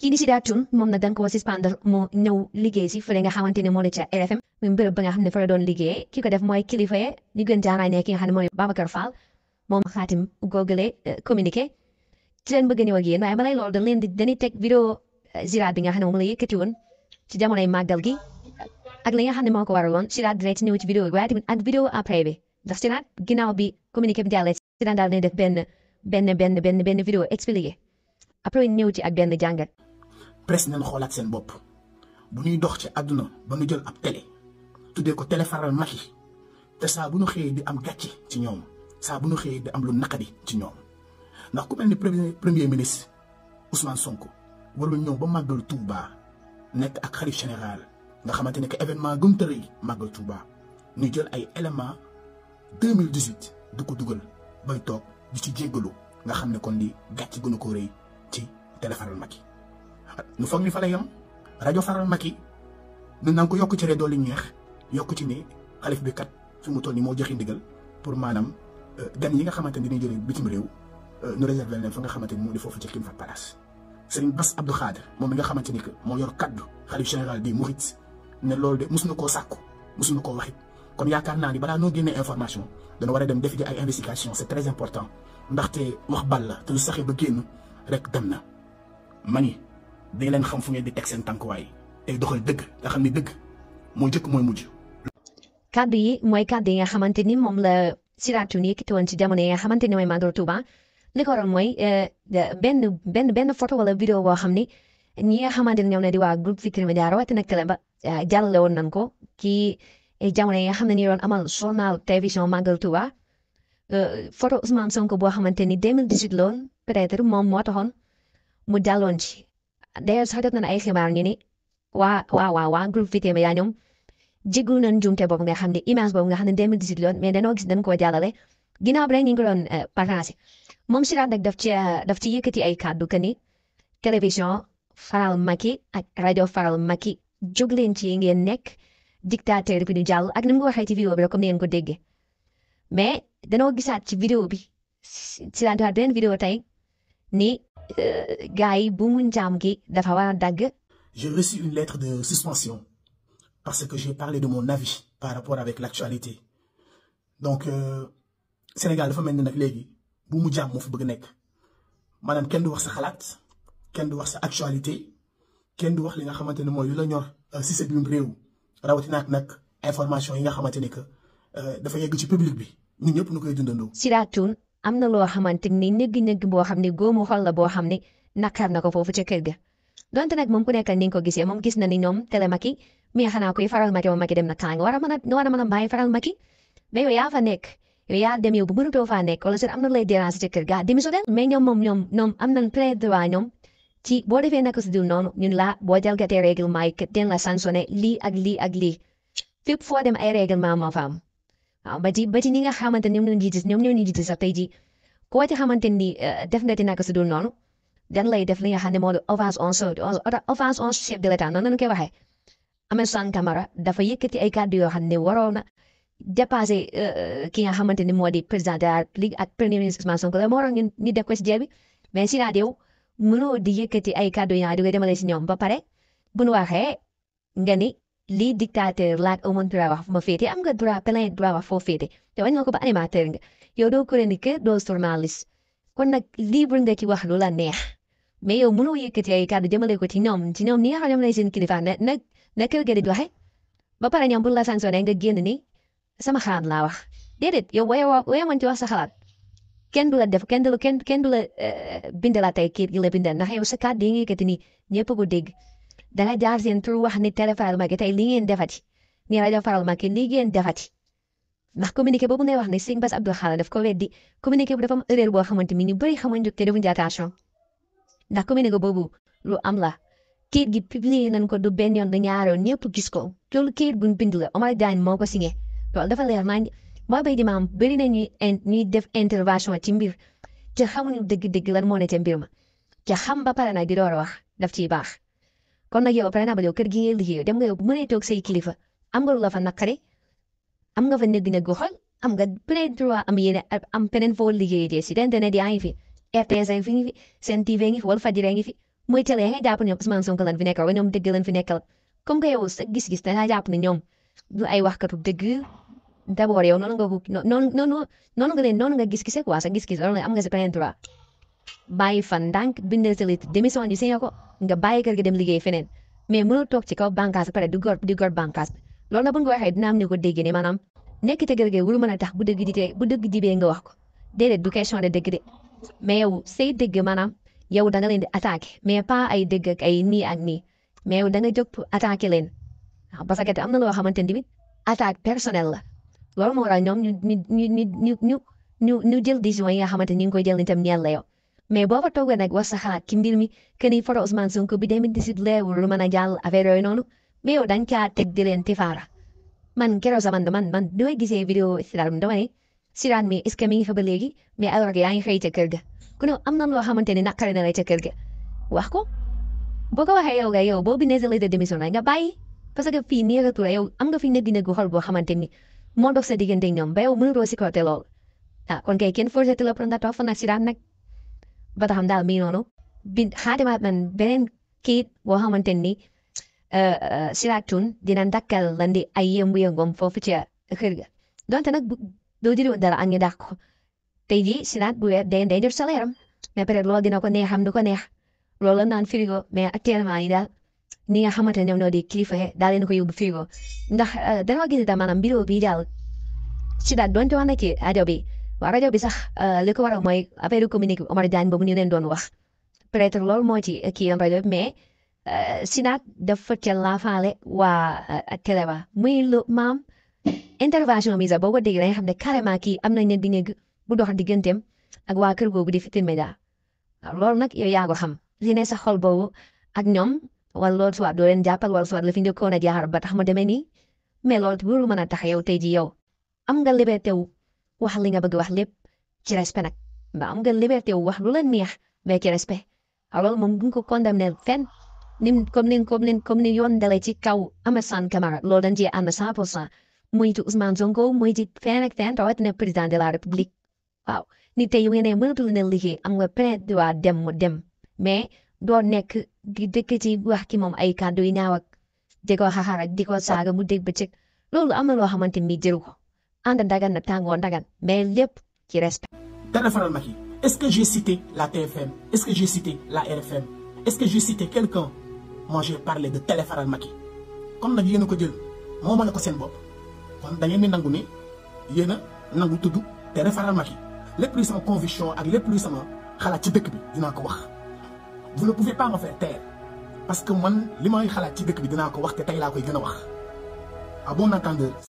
kii di Sida Thioune moom nag dañ ko suspendre mu ñëw liggéey si fële nga xamante ne moo ne ca RFM muy bërëb nga xam ne fa la doon liggéey ki ko def mooy kilifa yi ñu gën jaaraay ne ki nga xam ne mooy Babacar Fall moom xaatim googale communiqué ci leen bëgg a ñëw ak yéen waaye balay loolu dañ leen di dañuy teg vidéo bi nga xam ne moom la yëkkati woon ci jamonoy màggal gi ak li nga xam ne moo ko waraloon Sida dina ci ñëw ci vidéo bi waaye tamit ak vidéo après bi ndax Sida ginnaaw bi communiqué bi jàllee Sida daal dina def benn benn benn benn benn vidéo expliqué après ñëw ci ak benn jàngat presse nañ xoolaat seen bopp bu ñuy dox ci àdduna ba ñu jël ab télé tuddee ko télé faral Macky te saa bu ñu xëyee di am gàcce ci ñoom saa bu ñu xëyee di am lu naqadi ci ñoom ndax ku mel ni premier ministre Ousmane Sonko warul ñëw ba màggal Touba nekk ak xalif général nga xamante ne que événement gum tërëy màggal Touba ñu jël ay éléments 2018 du ko dugal bay toog di ci jéggalu nga xam ne kon li gàcce gënu ko rëy ci télé faral Macky nu foog ni fa la yam rajo faral Macky ñun na nga ko yokk ci réew li ñeex yokkuti ci ne xalif bi kat fi mu toll nii moo joxe ndigal pour maanaam euh, gan yi nga xamante ni dañuy jëlee bitim réew euh, ñu réservé leen fa nga xamante ni moo di foofu ci fa Fahd Palace. Serigne Bass Abdou Khadre moom mi nga xamante ni que moo yor kaddu xalif général di Mouride ne loolu de mosuñu koo sàkku mosuñu koo waxit kon yaakaar naa ni balaa noo génnee information dana war a dem def ji ay investigation c'est très wax bal la te lu saxee ba génn rek dem na mani di leen xam fu ngeen di teg seen tànkuwaay tey doxal dëgg nga xam ni dëgg mooy jëkk mooy mujj. kàddu yi mooy kàddu yi nga xamante ni moom la Siraaju ni ki woon ci jamono yi nga xamante ni mooy Màggal Tuuba li ko waral mooy eh, benn benn benn photo wala vidéo boo xam ni ñi nga xamante ni ñoom ne di waa groupe Futurs Médias rawatina télé eh, jàllale woon nañ ko kii eh, jamono yi nga xam ne ñu doon amal journal télévision Màggal Tuuba photo Ousmane Sonko boo xamante ni 2018 la woon peut-être moom moo taxoon mu jàlloon ci. d'ailleurs sax jot nañ ay xibaar ñu ni waa waa waa waa groupe Futurs Médias ñoom jégalu nañ jumte boobu nga xam ne image boobu nga xam ne 2018 loon mais dañoo gis dañ koo jàllale ginnaaw naa rek ñu ngi doon partagé moom si daan nag daf ci daf ci yëkkati ay kàddu que ni télévision faral Macky ak rajo faral Macky jóg leen ci ngeen nek nekk dictateur bi di jàll ak ni mu ko waxee ci vidéo bi rek comme ni ngeen ko déggee mais danoo gisaat ci vidéo bi si daan beneen vidéo tey ni gars yi buumu njaam gi dafa war a dagg. j'ai reçu une lettre de suspension parce que j'ai parlé de mon avis par rapport avec l'actualité donc euh, Sénégal dafa mel ni nag léegi buumu njaam moo fi bëgg nekk maanaam kenn du wax sa xalaat kenn du wax sa actualité kenn di wax li nga xamante ne mooy yu la ñor euh, si sa biir réew rawatina ak nag information yi nga xamante ne que euh, dafa yegg ci public bi ñun ñëpp ñu koy dundandoo. Sira Thioune am na loo xamante ni nëgg-nëgg boo xam ne góomu xol la boo xam ne naqar na ko foofu ca kër ga donte nag moom ku nekkal ni nga ko gisee moom gis na ni ñoom télé Macky mi xanaa kuy faral Macky moom Macky dem na kaa nga war a mën a war a mën a bàyyi faral Macky mais yow yaa fa nekk yow yaa dem yow bu mënutoo faa nekk wala sax am na lay déranger ca kër ga démissionnaire mais ñoom moom ñoom ñoom am nañ ñoom ci boo defee naka si dul noonu ñun la boo jalgatee règlement yi den la sanctionné lii ak lii ak lii fépp foo dem ay règlement moo fa am Ah, ba ci ba ci ñi nga xamante ñoom ñoo jiite ñoom ñoo ni eh, def nga ci naka dul noonu dan lay def li nga xam ne moo di offense en chef offense en noonu la ñu koy waxee. Amathou Camara dafa yëkkati ay kàddu yoo xam ne waroon na dépassé eh, ki nga xamante ni moo di président de la République ak premier ministre Ousmane Sonko moo waroon ngeen ñu def ko si jeex bi di yëkkati ay kàddu yaa di ko demale si ñoom ba pare bu nu waxee nga lii dictateur laat amoon droit wax fu ma féete am nga droit plein droit wax foo féete yow añ nga ko ba animateur nga yow doo chroniqueur doo journaliste kon nag libre nga ci wax lu la neex mais yow mënoo yëkkati ay kàddu jëmale ko ci ñoom ci ñoom ni nga xam ne ñoom lay seen kilifa na na na kër ga di waxee ba pare ñoom bu la sanctionné nga génn ni sama xalaat laa wax déedéet yow wayoo wayoo mën ci wax sa xalaat kenn du la def kenn du la kenn kenn du la bindalaat ay kii gi la bindal ndax yow sa kàddu yi nga yëkkati nii ñëpp ko dégg. dana jaar seen tur wax ni tere faral ma tey li ngeen defati ni rajo faral ma ke li ngeen defati ndax communiqué boobu ngay wax ne sëñ Bass Abdou Khadre daf ko weddi communiqué bu dafa am erreur boo xamante ni ñu bëri xamuñ jóg te defuñ attention ndax communiqué boobu lu am la kayit gi publié nañ ko du benn yoon du ñaar yoon ñëpp gis ko loolu kayit buñ bind la Omar Diagne moo ko signé loolu dafa leer naa maa bay di maam bëri na ñuy ñuy def intervention ci mbir te xamuñu dëgg-dëgg lan moo ne ca ma te xam ba pare nag di door a wax daf ciy baax kon nag yow pare naa ba yow kër gi liggéey dem nga yow bu mënee toog say kilifa am nga lu la fa naqari am nga fa nekk dina gu xol am nga pare droit am yéene am peneen foo liggéey de si internet yaa ngi fi RTS a ngi fi Sen TV ngi fi Walfadjri a ngi fi mooy télé yaa ngi jàpp ne Ousmane Sonko lan fi nekkal wala ñoom dëgg lan fi nekkal comme que yow sa gis-gis da ngaa jàpp ñoom du ay waxkatu dëgg d'abord yow noonu nga noonu nga gis-gisee quoi gis-gis am nga sa peneen droit bàyyi fan ndànk bindal sa lit démission ñu ko nga bàyyi kër gi liggéey feneen mais mënul toog ci kaw bànqaas pare du gor di gor bànqaas loolu na bu ñu ko waxee dina am ne ko dégg ne maanaam nekk te kër gi wul mën bu dëgg di tee bu dëgg jibee nga wax ko déedéet du question de dëgg de mais yow say dëgg maanaam yow da nga leen di attaque mais pas ay dëgg ak ay nii ak nii mais danga da nga jóg attaqué leen parce que te am na loo xamante ni attaque personnelle la loolu moo ñoom ñu ñu ñu ñu ñu ñu jël décision yi nga xamante ni ñu ngi koy jël itam ñeel la yow Mais bova toga negwasaha kindirmi kani foro osman sunku bidemin disidle urumana jal avero enonu meo danka tegdilen tifara. Man kero zaman man man dua gise video isilarum domani siran mi iskami fabalegi mi awrage ayin khayta kirga. Kuno amnan lo hamanteni nakarina rayta kirga. Wahko? Boga wa hayo gayo bo binezele de demisona nga bai. Pasaga fi nira tura yo amga fi nedina guhar bo hamanteni. Mondo sa digan ding nom beo munuro si kortelog. Ah, kon kay kin forse tilo pronda tofa na ba taxam daal mi noonu bi xaatimaat man beneen kiit boo xamante ni Sirac Thioune dina dakkal landi ay yëngu-yëngoom foofu ci kër ga donte nag doo jëriñu dara ak ñu dàq ko tey jii Sirac bu weer day day def salaire am mais peut-être dina ko neex xam du ko neex loolu la naan frigo mais actuellement yi daal ni nga xamante ne ñoom ñoo di kilifa daal leen ko yóbbu frigo ndax dañoo gis itam maanaam vidéo bi daal Sirac donte wax na ci rajo bi waa eh, eh, rajo bi sax li ko waral mooy affaire communiqué Omar Diagne eh, boobu ñu leen doon wax peut-être loolu moo ci kii yoon rajo bi mais Sinaat dafa ca laafaale waa télé ba muy lu maam intervention bi sax boo ko déggee da nga xam ne carrément kii am nañ ne di nekk bu dox digganteem ak waa kër googu di Futurs Médias loolu nag yow yaa ko xam li ne sa xol boobu ak ñoom wala loolu soit doo leen jàppal wala soit la fi njëkkoon a jaar ba tax mu demee nii mais loolu warul mën a tax yow tey ji yow am nga liberté wu wax li nga bëgg wax lépp ci respect nag ba am nga liberté wax lu la neex mais ci respect alors moom duñ ko condamné fenn nim comme ni comme ni comme ni yoon dalee ci kaw Amathane Camara loolu dañ cee ànd 100 pour cent muy ci Ousmane Sonko muy ci fenn ak fenn rawatina président de la république waaw ni te yu ngeen ne mënatul na liggéey am nga di droit dem mu dem mais doo nekk di dëkk ci wax ki moom ay kàddu yu ñaaw ak di ko xaxar ak di ko saaga mu dégg bëccëg loolu am na loo xamante ni jëru ko ànd ndagan na tàngoo ndagan mais lépp ci respect. téléphonal Macky est-ce que j'ai cité la TFM est-ce que j'ai la RFM est-ce que j'ai cité quelqu'un moi j'ai parlé de téléphonal Macky comme nag ko a ko jël moomale ko seen bopp kon da ngeen di nangu ni yéen a nangu tudd téléphonal Macky lépp luy sama conviction ak lépp luy sama xalaat ci dëkk bi dinaa ko wax. vous ne pouvez pas me faire parce que man li may xalaat ci dëkk bi dinaa ko wax te tey laa koy gën a wax à bon entendeur.